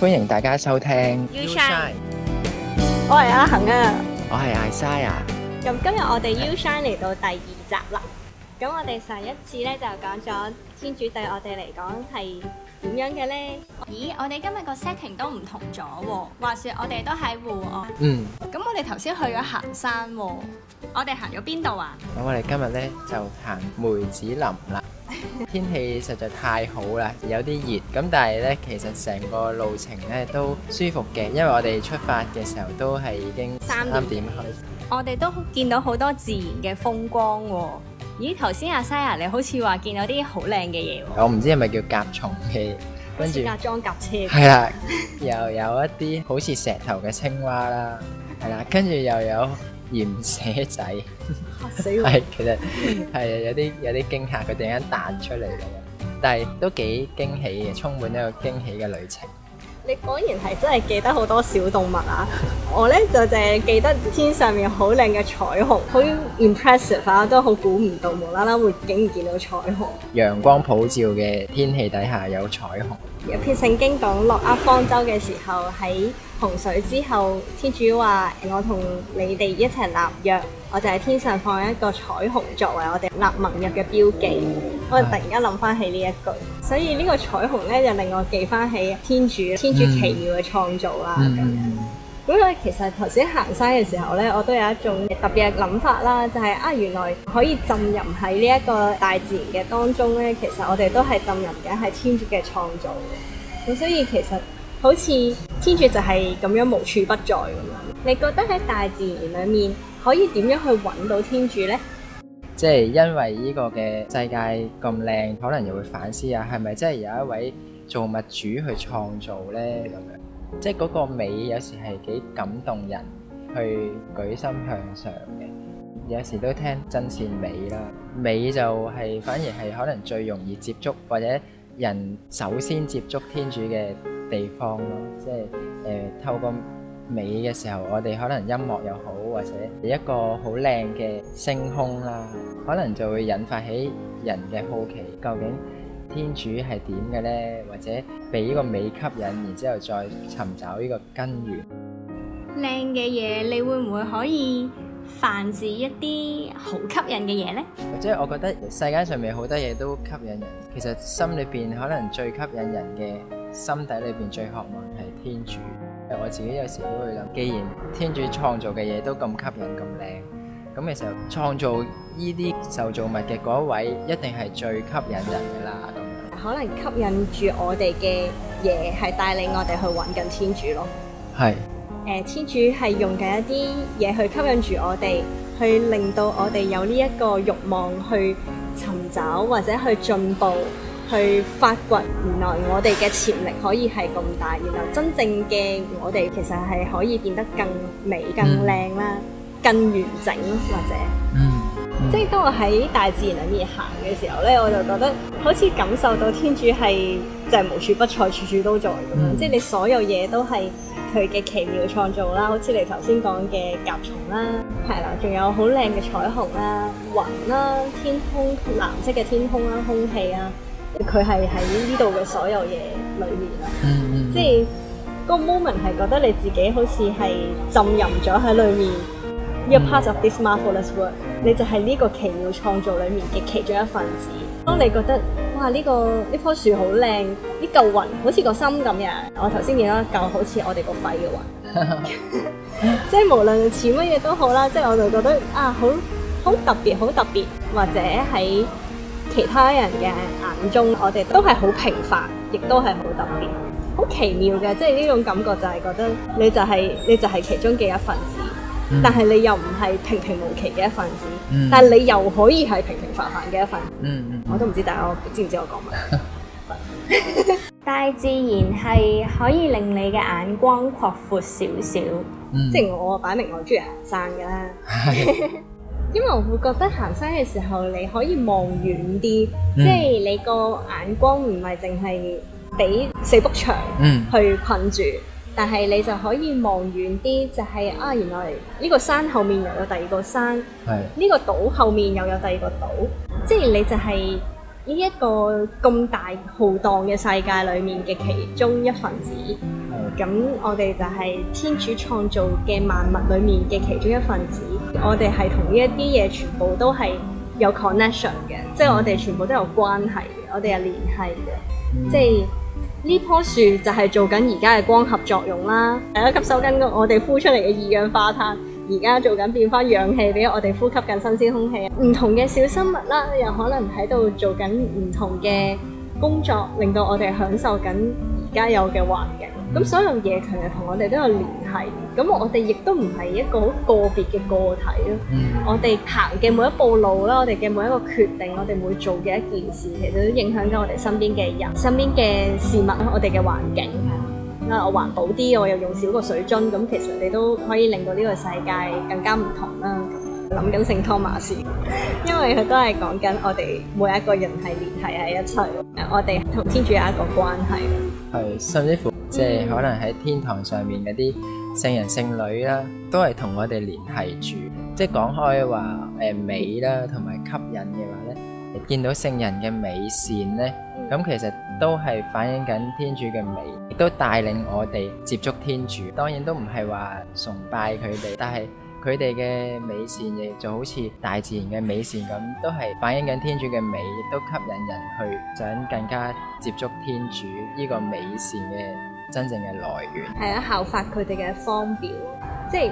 歡迎大家收聽。U Shine，我係阿恒啊，我係 Ishaya。咁今日我哋 U Shine 嚟到第二集啦。咁我哋上一次咧就講咗天主對我哋嚟講係點樣嘅咧？咦，我哋今日個 setting 都唔同咗，話說我哋都喺戶外。嗯，咁我哋頭先去咗行山，我哋行咗邊度啊？咁我哋今日咧就行梅子林啦。天氣實在太好啦，有啲熱，咁但係呢，其實成個路程呢都舒服嘅，因為我哋出發嘅時候都係已經三點開始，我哋都見到好多自然嘅風光喎、哦。咦、呃，頭先阿 Saya，你好似話見到啲好靚嘅嘢，我唔知係咪叫甲蟲嘅，跟住裝甲甲車，係啦了， 又有一啲好似石頭嘅青蛙啦，係啦， 跟住又有。岩蛇仔，嚇死我，係， 其實係有啲有啲驚嚇，佢突然間彈出嚟咁樣，但係都幾驚喜嘅，充滿一個驚喜嘅旅程。你果然係真係記得好多小動物啊！我咧就淨係記得天上面好靚嘅彩虹，好 impressive 啊，都好估唔到無啦啦會竟然見到彩虹。陽光普照嘅天氣底下有彩虹。有一篇聖經講諾亞方舟嘅時候喺。洪水之後，天主話：我同你哋一齊立約，我就喺天上放一個彩虹作為我哋立盟約嘅標記。嗯嗯嗯、我突然間諗翻起呢一句，嗯、所以呢個彩虹咧就令我記翻起天主天主奇妙嘅創造啦。咁咁、嗯，咧、嗯，嗯嗯、其實頭先行山嘅時候咧，我都有一種特別嘅諗法啦，就係、係、啊，原來可以浸淫喺呢一個大自然嘅當中咧，其實我哋都係浸淫緊係天主嘅創造。咁所以其實。好似天主就係咁樣無處不在咁樣，你覺得喺大自然裏面可以點樣去揾到天主呢？即係因為呢個嘅世界咁靚，可能又會反思呀，係咪真係有一位造物主去創造呢？咁樣、嗯，嗯嗯、即係嗰個美有時係幾感動人，去舉心向上嘅。有時都聽真善美啦，美就係反而係可能最容易接觸或者。人首先接觸天主嘅地方咯，即係誒透過美嘅時候，我哋可能音樂又好，或者一個好靚嘅星空啦，可能就會引發起人嘅好奇，究竟天主係點嘅呢？或者被呢個美吸引，然之後再尋找呢個根源。靚嘅嘢，你會唔會可以？凡是一啲好吸引嘅嘢呢，或者我覺得世界上面好多嘢都吸引人。其實心裏邊可能最吸引人嘅，心底裏邊最渴望係天主。我自己有時都會諗，既然天主創造嘅嘢都咁吸引，咁靚，咁其實創造依啲受造物嘅嗰一位一定係最吸引人噶啦。可能吸引住我哋嘅嘢係帶領我哋去搵緊天主咯。係。天主係用緊一啲嘢，去吸引住我哋，去令到我哋有呢一個欲望去尋找或者去進步，去發掘原來我哋嘅潛力可以係咁大，原來真正嘅我哋其實係可以變得更美、更靚啦、更完整或者，嗯， 即係當我喺大自然裏面行嘅時候呢，我就覺得好似感受到天主係就係、是、無處不在、處處都在咁樣，即係你所有嘢都係。佢嘅奇妙創造啦，好似你頭先講嘅甲蟲啦，係啦，仲有好靚嘅彩虹啦、雲啦、天空藍色嘅天空啦、空氣啊，佢係喺呢度嘅所有嘢裏面啦。嗯 即係個 moment 係覺得你自己好似係浸淫咗喺裏面，呢個 part of this marvelous world，你就係呢個奇妙創造裡面嘅其中一份子。當你覺得。哇！呢、啊這個呢棵樹好靚，呢嚿雲好似個心咁樣。我頭先見到一嚿好似我哋個肺嘅雲，即係無論似乜嘢都好啦，即係我就覺得啊，好好特別，好特別。或者喺其他人嘅眼中，我哋都係好平凡，亦都係好特別，好奇妙嘅。即係呢種感覺就係覺得你、就係，你就係你就係其中嘅一份子。但係你又唔係平平無奇嘅一份子，嗯、但係你又可以係平平凡凡嘅一份子，嗯嗯、我都唔知大家知唔知我講乜。 大自然係可以令你嘅眼光擴闊少少，即係、嗯、我啊，擺明我中意行山㗎啦，的 因為我會覺得行山嘅時候你可以望遠啲，即係、嗯、你個眼光唔係淨係俾四幅牆去困住。嗯但係你就可以望遠啲，就係、是、啊，原來呢個山後面又有第二個山，呢的個島後面又有第二個島，即係你就係呢一個咁大浩蕩嘅世界裡面嘅其中一份子。咁的我哋就係天主創造嘅萬物裡面嘅其中一份子，我哋係同呢一啲嘢全部都係有 connection 嘅，嗯、即係我哋全部都有關係嘅，我哋有聯繫嘅，嗯、即係。呢棵樹就係做緊而家嘅光合作用啦，大家吸收緊我哋呼出嚟嘅二氧化碳，而家做緊變翻氧氣俾我哋呼吸緊新鮮空氣。唔同嘅小生物啦，又可能喺度做緊唔同嘅工作，令到我哋享受緊而家有嘅環境。咁所有嘢其實同我哋都有連。係，咁我哋亦都唔係一個好個別嘅個體咯。我哋行嘅每一步路啦，我哋嘅每一個決定，我哋每做嘅一件事，其實都影響緊我哋身邊嘅人、身邊嘅事物啦，我哋嘅環境。因為我環保啲，我又用少個水樽，咁其實你都可以令到呢個世界更加唔同啦。諗緊聖托馬斯，因為佢都係講緊我哋每一個人係聯繫喺一齊，我哋同天主有一個關係。係，甚至乎即係可能喺天堂上面嗰啲。聖人聖女啦，都係同我哋聯繫住，即係講開話，誒美啦，同埋吸引嘅話呢，見到聖人嘅美善呢，咁其實都係反映緊天主嘅美，亦都帶領我哋接觸天主。當然都唔係話崇拜佢哋，但係佢哋嘅美善亦就好似大自然嘅美善咁，都係反映緊天主嘅美，亦都吸引人去想更加接觸天主呢個美善嘅。真正嘅來源係啊，效法佢哋嘅方表，即係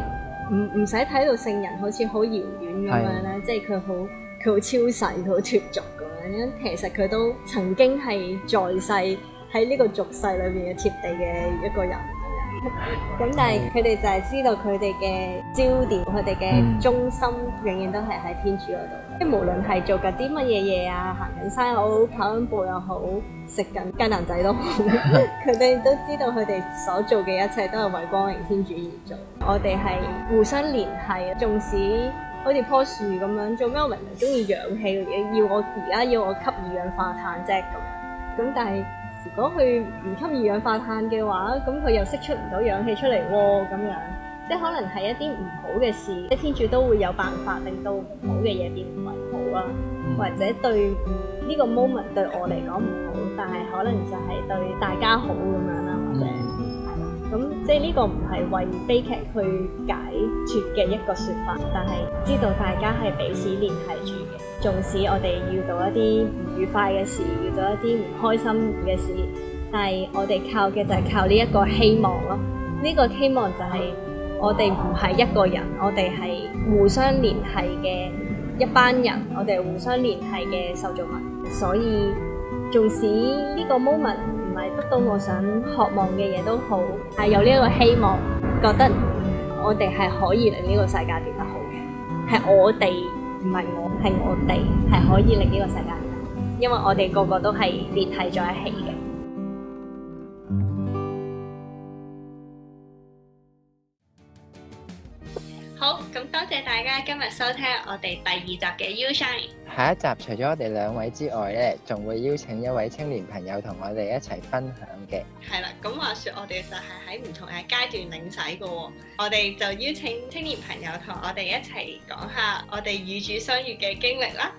唔唔使睇到聖人好似好遙遠咁樣咧，即係佢好佢好超世好脱俗咁樣，其實佢都曾經係在世喺呢個俗世裏邊嘅貼地嘅一個人。咁但係佢哋就係知道佢哋嘅焦點，佢哋嘅中心永遠都係喺天主嗰度。即係無論係做緊啲乜嘢嘢啊，行緊山又好，跑緊步又好，食緊雞蛋仔都好，佢哋都知道佢哋所做嘅一切都係為光榮天主而做。我哋係互相聯繫，縱使好似樖樹咁樣，做咩我明明中意氧氣，要我而家要我吸二氧化碳啫咁樣。咁但係。如果佢唔吸二氧化碳嘅話，咁佢又釋出唔到氧氣出嚟喎，咁樣即係可能係一啲唔好嘅事。即天主都會有辦法令到唔好嘅嘢變為好啦，或者對呢個 moment 對我嚟講唔好，但係可能就係對大家好咁樣啦，或者。咁即係呢個唔係為悲劇去解脫嘅一個說法，但係知道大家係彼此聯繫住嘅。縱使我哋遇到一啲唔愉快嘅事，遇到一啲唔開心嘅事，但係我哋靠嘅就係靠呢一個希望咯。呢個希望就係我哋唔係一個人，我哋係互相聯繫嘅一班人，我哋互相聯繫嘅受造物。所以縱使呢個 moment。到我想渴望嘅嘢都好，係有呢一個希望，覺得我哋係可以令呢個世界變得好嘅，係我哋，唔係我，係我哋係可以令呢個世界，因為我哋個個都係連繫在一起嘅。好，咁多謝大家今日收聽我哋第二集嘅 You Shine。下一集除咗我哋兩位之外咧，仲會邀請一位青年朋友同我哋一齊分享嘅。係啦，咁話說我哋就係喺唔同嘅階段領洗噶，哦，我哋就邀請青年朋友同我哋一齊講下我哋與主相遇嘅經歷啦。